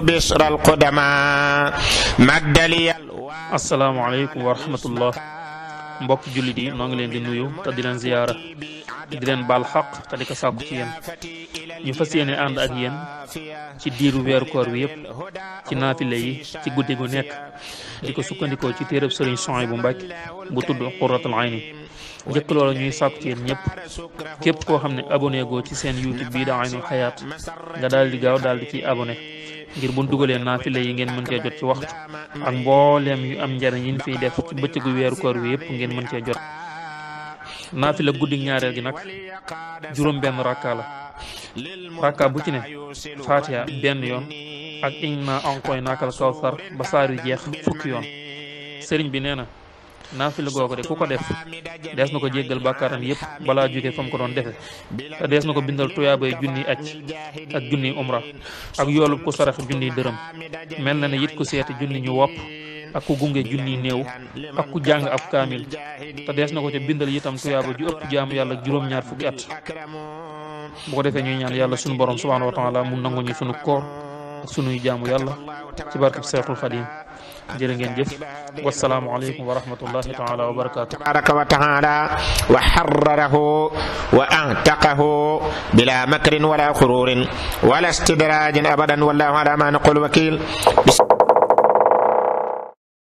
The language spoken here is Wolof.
بشر القدماء مد السلام عليكم ورحمة الله mbokk jullit yi noo ngi leen di nuyu te di leen ziyaara di leen baal xaq te di ko sàkku ci yéen ñu fas yéene ànd ak yéen ci diiru weeru koor wi yépp ci naafile yi ci guddi gu nekk di ko sukkandikoo ci téereb sëriñ Soy bu Mbàkke bu tudd Ayni njëkk loolu ñuy sàkku ci yéen képp koo xam ne abonné ci seen youtube bii daa aynul xayaat nga daal di gaaw daal di ciy abonné ngir buñ dugalee naafile yi ngeen mën cee jot ci waxtu ak mbooleem yu am njariñ yi ñu fiy def ci bëccëgu weeru koor wi yëpp ngeen mën cee jot naafila guddi ñaareel gi nag juróom benn rakka la rakka bu ci ne faatiha benn yoon ak inna anqoy naakal kawsar ba saar yu jeex fukki yoon sëriñ bi nee na naafila googu de ku ko def dees na ko jéggal bàkkaaram yépp balaa jóge fa mu ko doon defe te dees na ko bindal tuyaabay junniy aj ak junniy umra ak yoolub ku sarax junniy dërëm mel na ne it ku seeti junni ñu wopp ak ku gunge junniy néew ak ku jàng ab kaamil te dees na ko ca bindal itam tuyaaba ju ëpp jaamu yàlla juróom-ñaar fukki at bu ko defee ñuy ñaan yàlla sunu borom subhaanahu wa taala mu nangu ñu sunu koor سنو يجامو يلا تبارك في سيقل جلنجن جف والسلام عليكم ورحمة الله تعالى وبركاته تبارك وتعالى وحرره وأنتقه بلا مكر ولا خرور ولا استدراج أبدا والله على ما نقول وكيل بسم